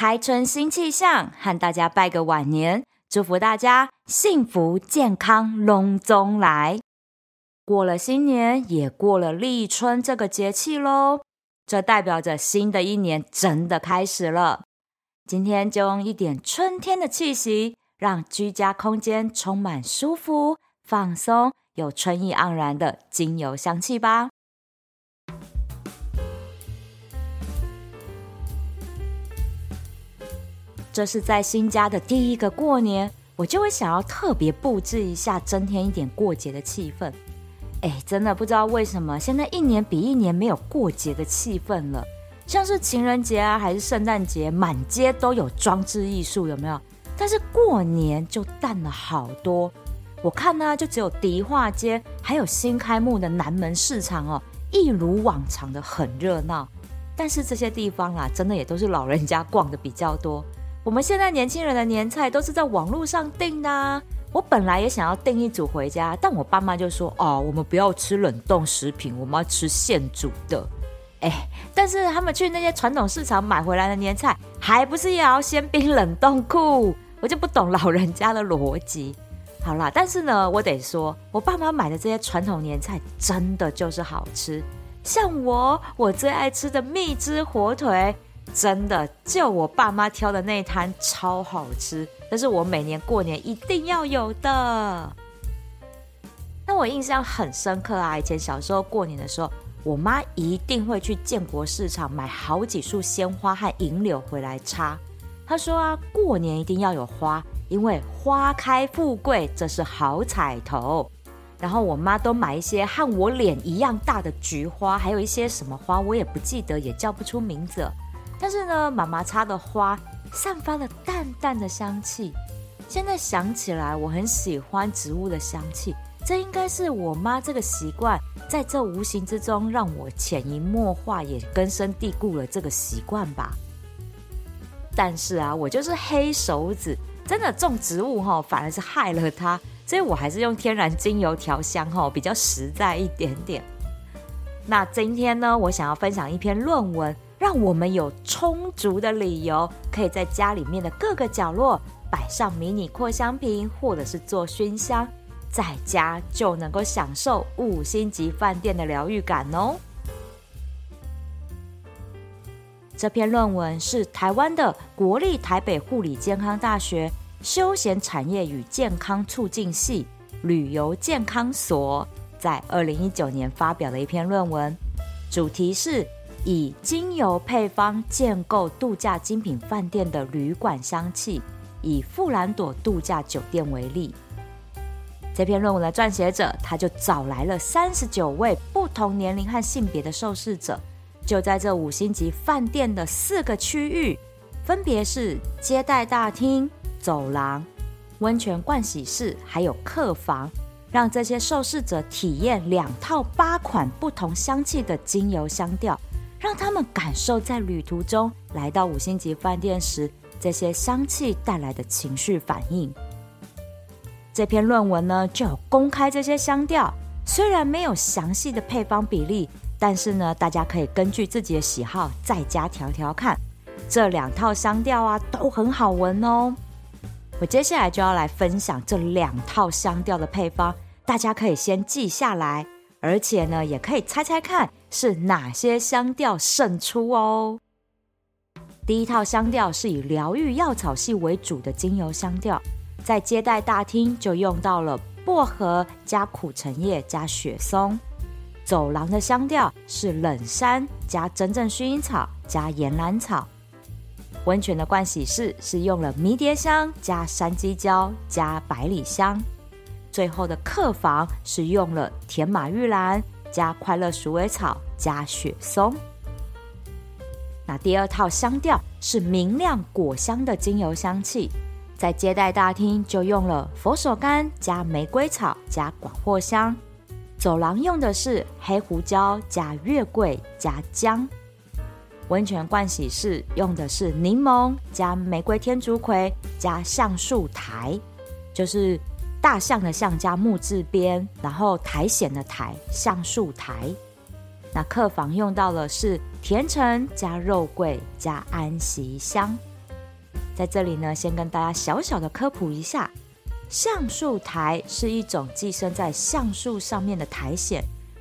開春新氣象，和大家拜個晚年，祝福大家幸福健康攏總來。過了新年，也過了立春這個節氣嘍，這代表着新的一年真的開始了。今天就用一點春天的氣息，讓居家空間充滿舒服、放鬆、有春意盎然的精油香氣吧。這是在新家的第一個過年，我就會想要特別佈置一下，增添一點過節的氣氛。哎，真的不知道為什麼現在一年比一年沒有過節的氣氛了。像是情人節啊，還是聖誕節，滿街都有裝置藝術，有沒有？但是過年就淡了好多。我看呢、啊，就只有迪化街，還有新開幕的南門市場哦，一如往常的很熱鬧。但是這些地方啦、啊，真的也都是老人家逛的比較多。我們現在年輕人的年菜都是在網絡上訂的，啊。我本來也想要訂一組回家，但我爸媽就說：“哦，啊，我們不要吃冷凍食品，我們要吃現煮的。”哎，但是他們去那些傳統市場買回來的年菜，還不是也要先冰冷凍庫？我就不懂老人家的邏輯。好了，但是呢，我得說，我爸媽買的這些傳統年菜真的就是好吃。像我，我最愛吃的蜜汁火腿。真的，就我爸媽挑的那一攤超好吃，但是我每年過年一定要有的。那我印象很深刻啊，以前小時候過年的時候，我媽一定會去建國市場買好幾束鮮花和銀柳回來插。她說啊，過年一定要有花，因為花開富貴，這是好彩頭。然後我媽都買一些和我臉一樣大的菊花，還有一些什麼花，我也不記得，也叫不出名字。但是呢，媽媽插的花散發了淡淡的香氣。現在想起來，我很喜歡植物的香氣。這應該是我媽這個習慣，在這無形之中讓我潛移默化，也根深蒂固了這個習慣吧。但是啊，我就是黑手指，真的種植物哦，反而是害了它。所以我還是用天然精油調香哦，比較實在一點點。那今天呢，我想要分享一篇論文。讓我們有充足的理由，可以在家裡面的各個角落擺上迷你擴香瓶，或者是做燻香，在家就能夠享受五星級飯店的療癒感哦。這篇論文是台灣的國立台北護理健康大學休閒產業與健康促進系旅遊健康所在二零一九年發表的一篇論文，主題是。以精油配方建構度假精品飯店的旅館香氣，以富蘭朵度假酒店為例，這篇論文的撰寫者他就找來了三十九位不同年齡和性別的受試者，就在這五星級飯店的四個區域，分別是接待大廳、走廊、溫泉盥洗室還有客房，讓這些受試者體驗兩套八款不同香氣的精油香調。讓他們感受在旅途中來到五星級飯店時，這些香氣帶來的情緒反應。這篇論文呢就有公開這些香調，雖然沒有詳細的配方比例，但是呢，大家可以根據自己的喜好在家調調看。這兩套香調啊都很好聞哦。我接下來就要來分享這兩套香調的配方，大家可以先記下來，而且呢，也可以猜猜看。是哪些香調勝出哦？第一套香調是以療癒藥草系為主的精油香調，在接待大廳就用到了薄荷加苦橙葉加雪松，走廊的香調是冷杉加真正薰衣草加岩蘭草，溫泉的盥洗室，是用了迷迭香加山雞椒加百里香，最後的客房是用了甜馬鬱蘭。加快樂鼠尾草加雪松。那第二套香調是明亮果香的精油香氣，在接待大廳就用了佛手柑加玫瑰草加廣藿香，走廊用的是黑胡椒加月桂加薑，溫泉盥洗室用的是檸檬加玫瑰天竺葵加橡樹苔，就是。大象的象加木字邊，然後苔蘚的苔，橡樹苔。那客房用到的是甜橙加肉桂加安息香。在這裡呢，先跟大家小小的科普一下，橡樹苔是一種寄生在橡樹上面的苔蘚，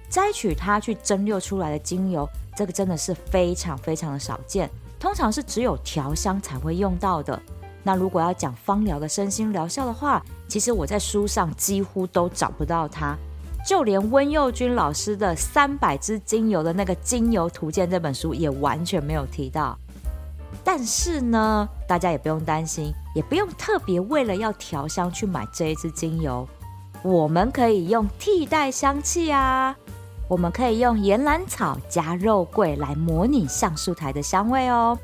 摘取它去蒸餾出來的精油，這個真的是非常非常的少見，通常是只有調香才會用到的。那如果要講芳療的身心療效的話，其實我在書上幾乎都找不到它，就連溫佑君老師的《三百支精油的那個精油圖鑑》這本書也完全沒有提到。但是呢，大家也不用擔心，也不用特別為了要調香去買這一支精油。我們可以用替代香氣啊，我們可以用岩蘭草加肉桂來模擬橡樹苔的香味哦。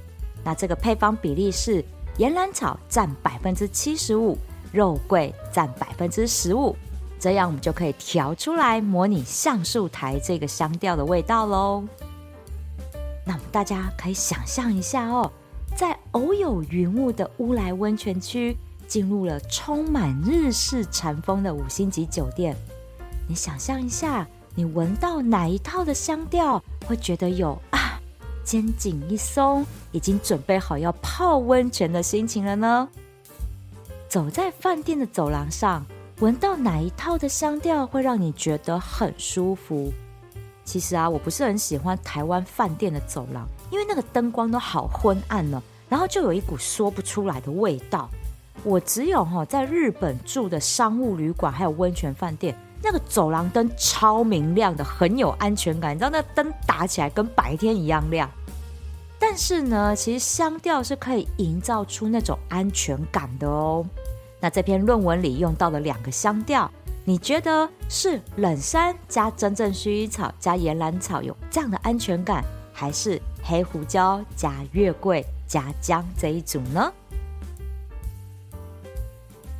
那這個配方比例是岩蘭草占百分之七十五。肉桂占百分之十五，這樣我們就可以調出來模擬橡樹苔這個香調的味道嘍。那麼大家可以想象一下哦，在偶有雲霧的烏來溫泉區，進入了充滿日式禪風的五星級酒店，你想象一下，你聞到哪一套的香調，會覺得有啊，肩頸一鬆，已經準備好要泡溫泉的心情了呢？走在飯店的走廊上，聞到哪一套的香調會讓你覺得很舒服？其實啊，我不是很喜歡台灣飯店的走廊，因為那個燈光都好昏暗了，然後就有一股說不出來的味道。我只有在日本住的商務旅館，還有溫泉飯店，那個走廊燈超明亮的，很有安全感。你知道那燈打起來跟白天一樣亮。但是呢，其實香調是可以營造出那種安全感的哦。那這篇論文裡用到了兩個香調，你覺得是冷杉加真正薰衣草加岩蘭草有這樣的安全感，還是黑胡椒加月桂加薑這一組呢？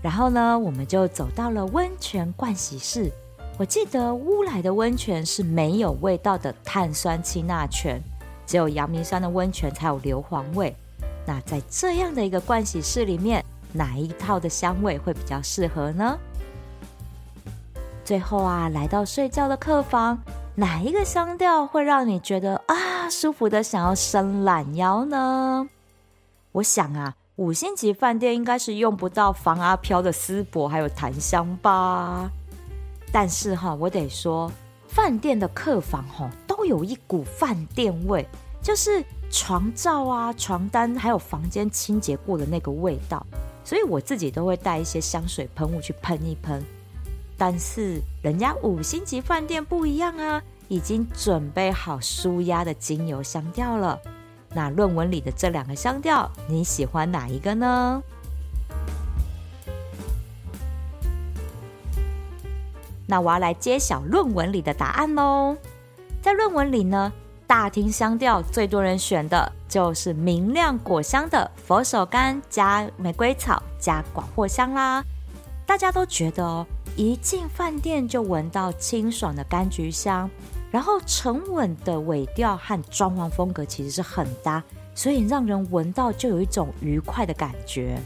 然後呢，我們就走到了溫泉盥洗室。我記得烏來的溫泉是沒有味道的碳酸氫鈉泉，只有陽明山的溫泉才有硫磺味。那在這樣的一個盥洗室裡面。哪一套的香味會比較適合呢？最後啊，來到睡覺的客房，哪一個香調會讓你覺得啊，舒服的，想要伸懶腰呢？我想啊，五星級飯店應該是用不到防阿飄的絲柏還有檀香吧。但是哈、啊，我得說，飯店的客房吼、哦、都有一股飯店味，就是床罩啊、床單還有房間清潔過的那個味道。所以我自己都會帶一些香水噴霧去噴一噴，但是人家五星級飯店不一樣啊，已經準備好舒壓的精油香調了。那論文裡的這兩個香調，你喜歡哪一個呢？那我要來揭曉論文裡的答案嘍。在論文裡呢。大廳香調最多人選的就是明亮果香的佛手柑加玫瑰草加廣藿香啦，大家都覺得哦，一進飯店就聞到清爽的柑橘香，然後沉穩的尾調和裝潢風格其實是很搭，所以讓人聞到就有一種愉快的感覺。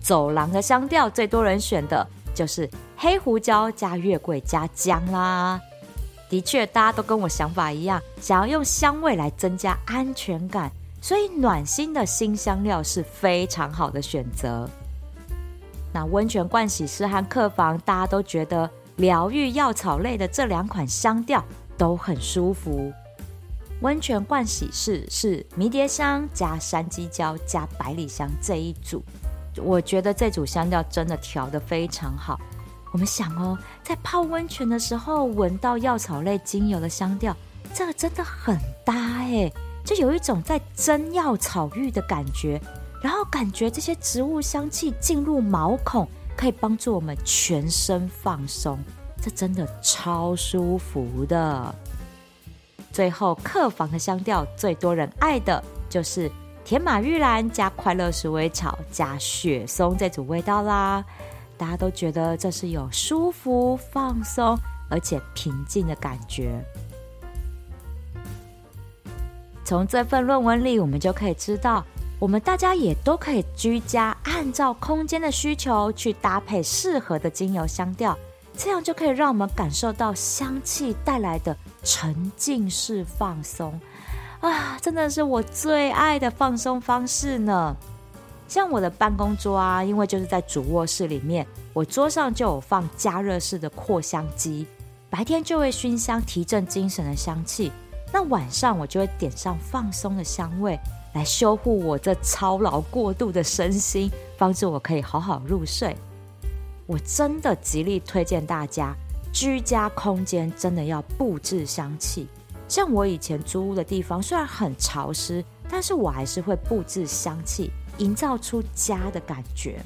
走廊的香調最多人選的就是黑胡椒加月桂加薑啦。的確，大家都跟我想法一樣，想要用香味來增加安全感，所以暖心的辛香料是非常好的選擇。那溫泉盥洗室、和客房，大家都覺得療癒藥草類的這兩款香調都很舒服。溫泉盥洗室是是迷迭香加山雞椒加百里香這一組，我覺得這組香調真的調得非常好。我們想哦，在泡溫泉的時候聞到藥草類精油的香調，這個真的很搭哎，就有一種在蒸藥草浴的感覺。然後感覺這些植物香氣進入毛孔，可以幫助我們全身放鬆，這真的超舒服的。最後客房的香調最多人愛的就是甜馬鬱蘭加快樂鼠尾草加雪松這組味道啦。大家都覺得這是有舒服、放鬆，而且平靜的感覺。從這份論文裡，我們就可以知道，我們大家也都可以居家，按照空間的需求去搭配適合的精油香調，這樣就可以讓我們感受到香氣帶來的沉浸式放鬆。啊，真的是我最愛的放鬆方式呢！像我的辦公桌啊，因為就是在主臥室裡面，我桌上就有放加熱式的擴香機，白天就會熏香提振精神的香氣，那晚上我就會點上放鬆的香味來修護我這操勞過度的身心，幫助我可以好好入睡。我真的極力推薦大家，居家空間真的要布置香氣。像我以前租屋的地方雖然很潮濕，但是我還是會布置香氣，營造出家的感覺，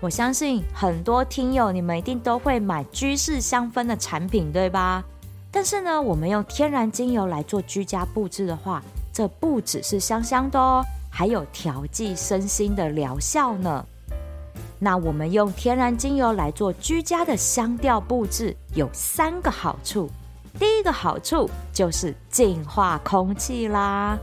我相信很多聽友你們一定都會買居室香氛的產品，對吧？但是呢，我們用天然精油來做居家布置的話，這不只是香香的哦，還有調劑身心的療效呢。那我們用天然精油來做居家的香調布置，有三個好處。第一個好處就是淨化空氣啦。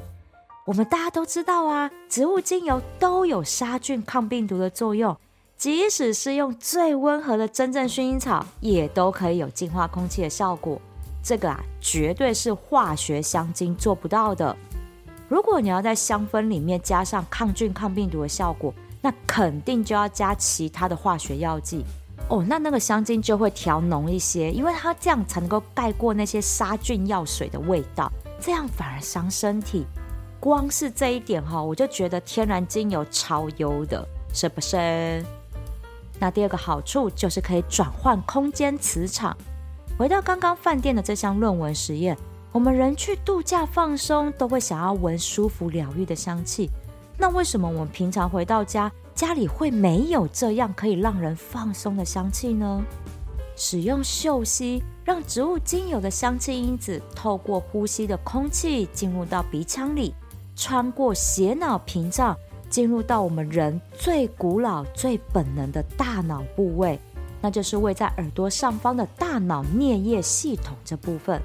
我們大家都知道啊，植物精油都有殺菌抗病毒的作用，即使是用最溫和的真正薰衣草，也都可以有淨化空氣的效果。這個啊，絕對是化學香精做不到的。如果你要在香氛裡面加上抗菌抗病毒的效果，那肯定就要加其他的化學藥劑哦。那那個香精就會調濃一些，因為它這樣才能夠蓋過那些殺菌藥水的味道，這樣反而傷身體。光是這一點哈，我就覺得天然精油超優的，是不是？那第二個好處就是可以轉換空間磁場。回到剛剛飯店的這項論文實驗，我們人去度假放鬆都會想要聞舒服療癒的香氣，那為什麼我們平常回到家家裡會沒有這樣可以讓人放鬆的香氣呢？使用嗅吸，讓植物精油的香氣因子透過呼吸的空氣進入到鼻腔裡。穿過血腦屏障，進入到我們人最古老、最本能的大腦部位，那就是位在耳朵上方的大腦顳葉系統這部分。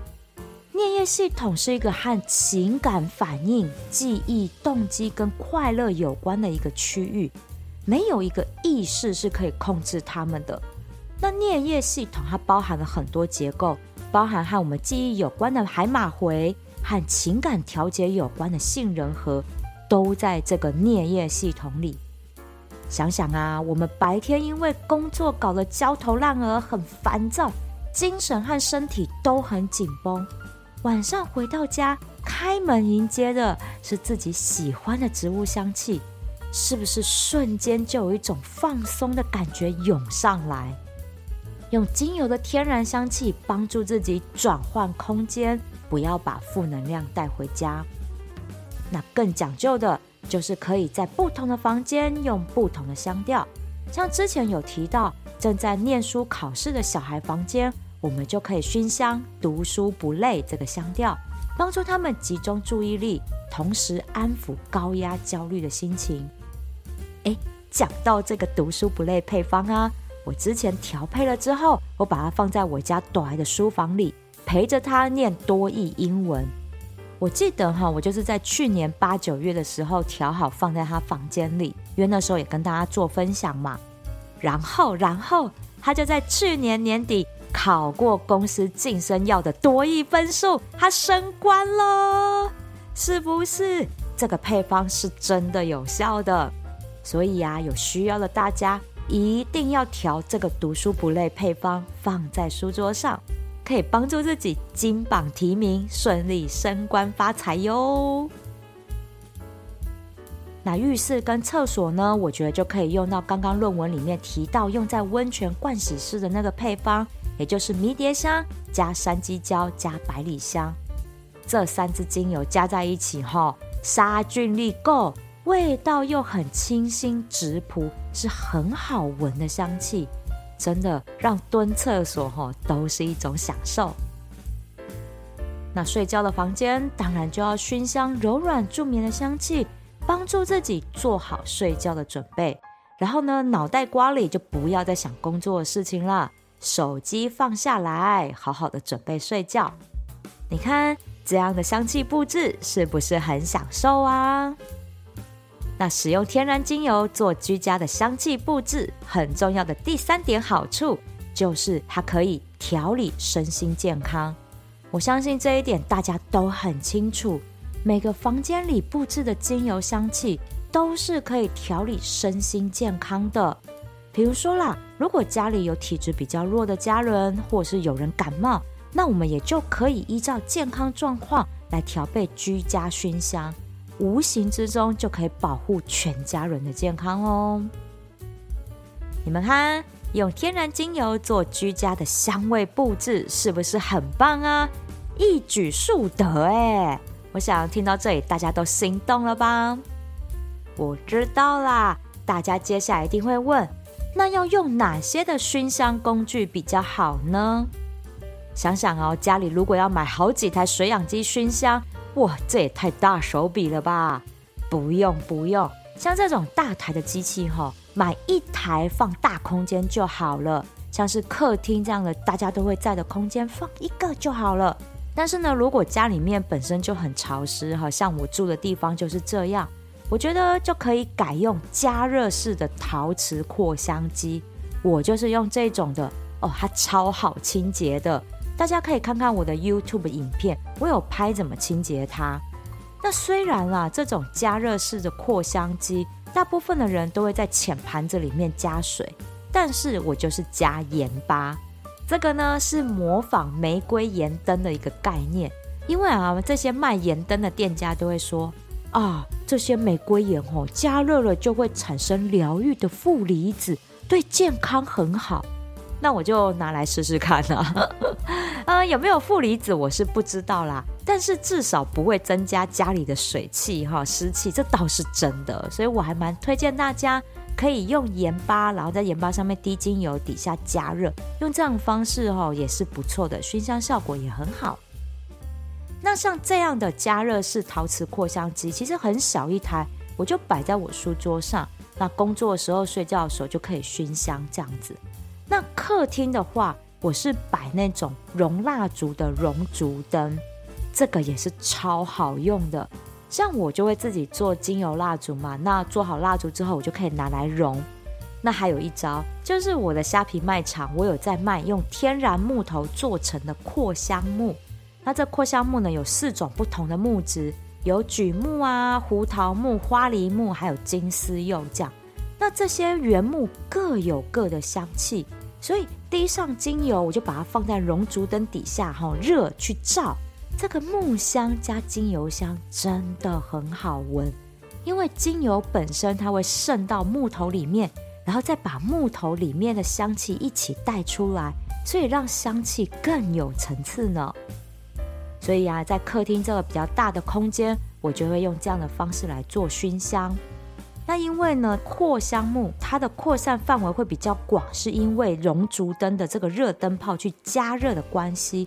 顳葉系統是一個和情感反應、記憶、動機跟快樂有關的一個區域，沒有一個意識是可以控制它們的。那顳葉系統它包含了很多結構，包含和我們記憶有關的海馬回。和情感調節有關的杏仁核，都在這個顳葉系統裡。想想啊，我們白天因為工作搞得焦頭爛額，很煩躁，精神和身體都很緊繃。晚上回到家，開門迎接的是自己喜歡的植物香氣，是不是瞬間就有一種放鬆的感覺湧上來？用精油的天然香氣幫助自己轉換空間。不要把負能量帶回家。那更講究的就是可以在不同的房間用不同的香調，像之前有提到正在念書考試的小孩房間，我們就可以熏香“讀書不累”這個香調，幫助他們集中注意力，同時安撫高壓焦慮的心情。誒，講到這個“讀書不累”配方啊，我之前調配了之後，我把它放在我家朵兒的書房裡。陪着他念多益英文，我記得哈，我就是在去年八九月的時候調好放在他房間裡，因為那時候也跟大家做分享嘛。然後，然後他就在去年年底考過公司晉升要的多益分數，他升官了，是不是？這個配方是真的有效的，所以啊，有需要的大家一定要調這個讀書不累配方放在書桌上。可以幫助自己金榜題名、順利升官發財喲。那浴室跟廁所呢？我覺得就可以用到剛剛論文裡面提到用在溫泉盥洗室的那個配方，也就是迷迭香加山雞椒加百里香這三支精油加在一起哈、哦，殺菌力夠，味道又很清新直撲，是很好聞的香氣。真的讓蹲廁所、哦、都是一種享受。那睡覺的房間當然就要燻香柔軟助眠的香氣，幫助自己做好睡覺的準備。然後呢，腦袋瓜裡就不要再想工作的事情了，手機放下來，好好的準備睡覺。你看這樣的香氣佈置是不是很享受啊？那使用天然精油做居家的香氣布置，很重要的第三點好處就是它可以調理身心健康。我相信這一點大家都很清楚，每個房間裡布置的精油香氣都是可以調理身心健康的。比如說啦，如果家裡有體質比較弱的家人，或是有人感冒，那我們也就可以依照健康狀況來調配居家熏香。無形之中就可以保護全家人的健康哦。你們看，用天然精油做居家的香味布置，是不是很棒啊？一舉數得哎！我想聽到這裡，大家都心動了吧？我知道啦，大家接下來一定會問，那要用哪些的燻香工具比較好呢？想想哦，家裡如果要買好幾台水氧機燻香。哇，這也太大手筆了吧？不用不用，像這種大台的機器哦，買一台放大空間就好了。像是客廳這樣的，大家都會在的空間，放一個就好了。但是呢，如果家裡面本身就很潮濕，像我住的地方就是這樣，我覺得就可以改用加熱式的陶瓷擴香機。我就是用這種的，哦，它超好清潔的。大家可以看看我的 YouTube 影片，我有拍怎麼清潔它。那雖然啦，這種加熱式的擴香機，大部分的人都會在淺盤子裡面加水，但是我就是加鹽巴。這個呢是模仿玫瑰鹽燈的一個概念，因為啊，這些賣鹽燈的店家都會說，啊，這些玫瑰鹽哦，加熱了就會產生療癒的負離子，對健康很好。那我就拿來試試看啊，呃，有沒有負離子我是不知道啦，但是至少不會增加家裡的水氣哈濕氣，這倒是真的，所以我還蠻推薦大家可以用鹽巴，然後在鹽巴上面滴精油，底下加熱，用這樣的方式哈也是不錯的，燻香效果也很好。那像這樣的加熱式陶瓷擴香機其實很小一台，我就擺在我書桌上，那工作的時候、睡覺的時候就可以燻香這樣子。那客廳的話，我是擺那種熔蠟燭的熔燭燈，這個也是超好用的。像我就會自己做精油蠟燭嘛，那做好蠟燭之後，我就可以拿來熔。那還有一招，就是我的蝦皮賣場，我有在賣用天然木頭做成的擴香木。那這擴香木呢，有四種不同的木質，有櫸木啊、胡桃木、花梨木，還有金絲柚這樣。那這些原木各有各的香氣。所以滴上精油，我就把它放在熔燭燈底下，哈、哦，熱去照。這個木香加精油香真的很好聞，因為精油本身它會滲到木頭裡面，然後再把木頭裡面的香氣一起帶出來，所以讓香氣更有層次呢。所以啊，在客廳這個比較大的空間，我就會用這樣的方式來做熏香。那因為呢，擴香木它的擴散範圍會比較廣，是因為熔燭燈的這個熱燈泡去加熱的關係。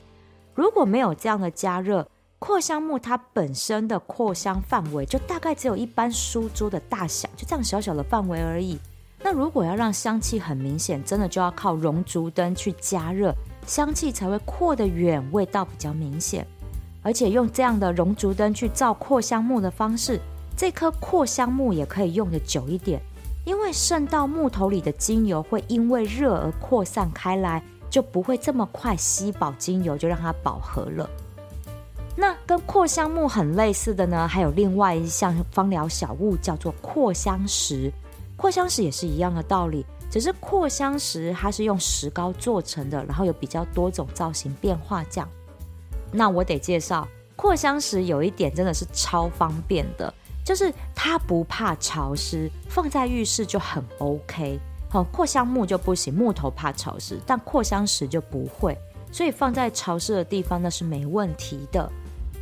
如果沒有這樣的加熱，擴香木它本身的擴香範圍就大概只有一般書桌的大小，就這樣小小的範圍而已。那如果要讓香氣很明顯，真的就要靠熔燭燈去加熱，香氣才會擴得遠，味道比較明顯。而且用這樣的熔燭燈去照擴香木的方式。這顆擴香木也可以用的久一點，因為滲到木頭裡的精油會因為熱而擴散開來，就不會這麼快吸飽精油，就讓它飽和了。那跟擴香木很類似的呢，還有另外一項芳療小物叫做擴香石。擴香石也是一樣的道理，只是擴香石它是用石膏做成的，然後有比較多種造型變化這樣。那我得介紹擴香石有一點真的是超方便的。就是它不怕潮濕，放在浴室就很 OK 哈、哦。擴香木就不行，木頭怕潮濕，但擴香石就不會，所以放在潮濕的地方那是沒問題的。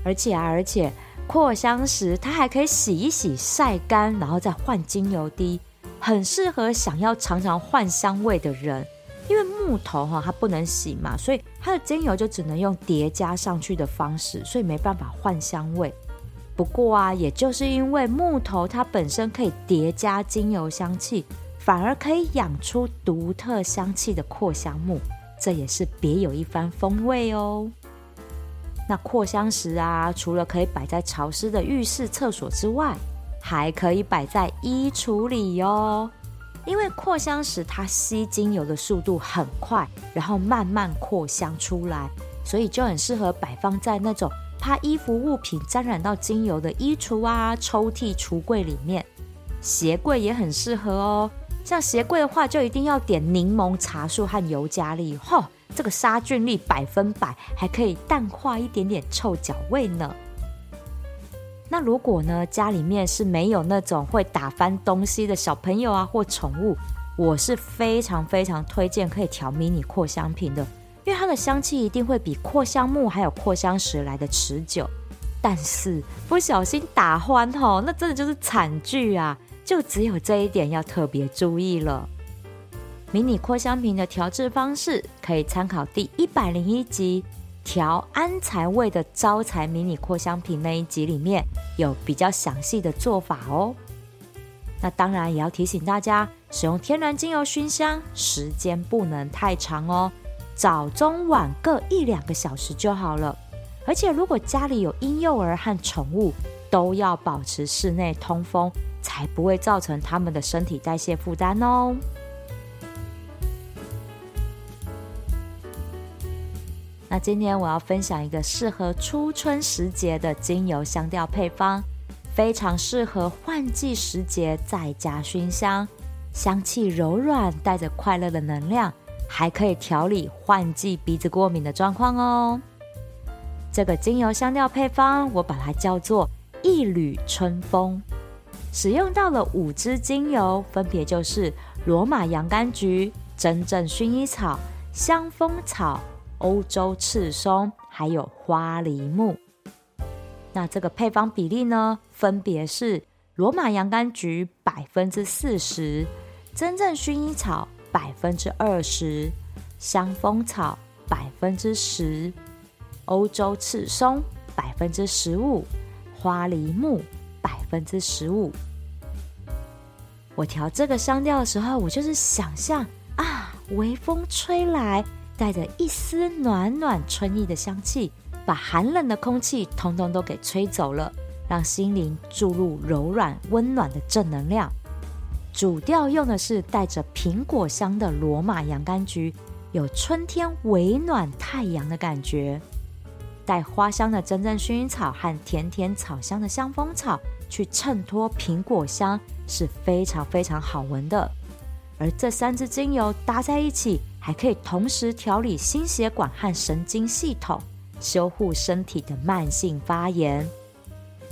而且啊，而且擴香石它還可以洗一洗、曬乾，然後再換精油滴，很適合想要常常換香味的人。因為木頭哈、哦，它不能洗嘛，所以它的精油就只能用疊加上去的方式，所以沒辦法換香味。不過啊，也就是因為木頭它本身可以疊加精油香氣，反而可以養出獨特香氣的擴香木，這也是別有一番風味哦。那擴香石啊，除了可以擺在潮濕的浴室、廁所之外，還可以擺在衣櫥裡哦。因為擴香石它吸精油的速度很快，然後慢慢擴香出來，所以就很適合擺放在那種。怕衣服物品沾染到精油的衣櫥啊、抽屜、櫥櫃裡面，鞋櫃也很適合哦。像鞋櫃的話，就一定要點檸檬、茶樹和尤加利，嚯、哦，這個殺菌率百分百，還可以淡化一點點臭腳味呢。那如果呢，家裡面是沒有那種會打翻東西的小朋友啊或寵物，我是非常非常推薦可以調迷你擴香瓶的。因為它的香氣一定會比擴香木還有擴香石來的持久，但是不小心打翻吼、哦、那真的就是慘劇啊！就只有這一點要特別注意了。迷你擴香瓶的調製方式可以參考第一百零一集調安財味的招財迷你擴香瓶那一集裡面有比較詳細的做法哦。那當然也要提醒大家，使用天然精油熏香時間不能太長哦。早、中、晚各一兩個小時就好了。而且，如果家裡有嬰幼兒和寵物，都要保持室內通風，才不會造成他們的身體代謝負擔哦。那今天我要分享一個適合初春時節的精油香調配方，非常適合換季時節在家熏香，香氣柔軟，帶着快樂的能量。還可以調理換季鼻子過敏的狀況哦。這個精油香料配方，我把它叫做“一縷春風”。使用到了五支精油，分別就是羅馬洋甘菊、真正薰衣草、香蜂草、歐洲赤松，還有花梨木。那這個配方比例呢，分別是羅馬洋甘菊百分之四十，真正薰衣草，百分之二十香蜂草，百分之十歐洲赤松，百分之十五花梨木，百分之十五。我調這個香調的時候，我就是想象啊，微風吹來，帶着一絲暖暖春意的香氣，把寒冷的空氣通通都給吹走了，讓心靈注入柔軟溫暖的正能量。主調用的是帶着蘋果香的羅馬洋甘菊，有春天微暖太陽的感覺；帶花香的真正薰衣草和甜甜草香的香蜂草，去襯托蘋果香是非常非常好聞的。而這三支精油搭在一起，還可以同時調理心血管和神經系統，修護身體的慢性發炎。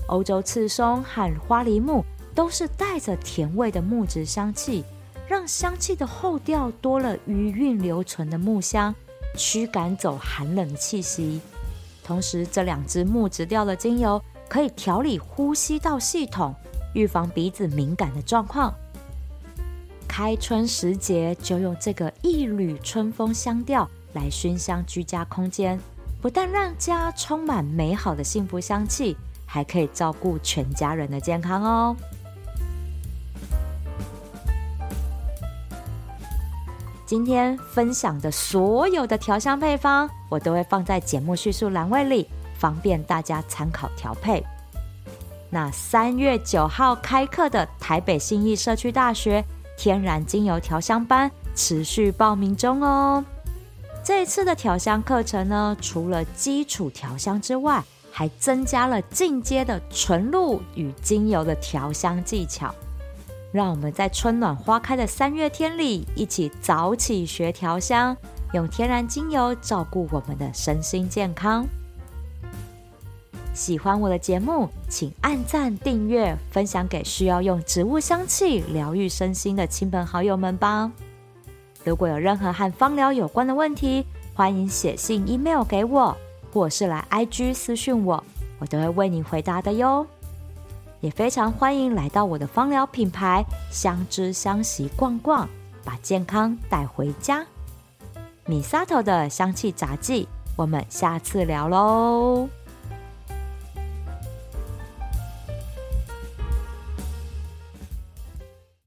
歐洲赤松和花梨木。都是帶着甜味的木質香氣，讓香氣的後調多了餘韻留存的木香，驅趕走寒冷氣息。同時，這兩支木質調的精油可以調理呼吸道系統，預防鼻子敏感的狀況。開春時節就用這個一縷春風香調來熏香居家空間，不但讓家充滿美好的幸福香氣，還可以照顧全家人的健康哦。今天分享的所有的調香配方，我都會放在節目敘述欄位裡，方便大家參考調配。那三月九號開課的台北信義社區大學天然精油調香班持續報名中哦。這次的調香課程呢，除了基礎調香之外，還增加了進階的純露與精油的調香技巧。讓我們在春暖花開的三月天裡，一起早起學調香，用天然精油照顧我們的身心健康。喜歡我的節目，請按讚、訂閱、分享給需要用植物香氣療癒身心的親朋好友們吧。如果有任何和芳療有關的問題，歡迎寫信 email 給我，或是來 IG 私訊我，我都會為你回答的喲。也非常歡迎來到我的芳療品牌相知相習逛逛，把健康帶回家。米 t o 的香氣雜技，我們下次聊嘍。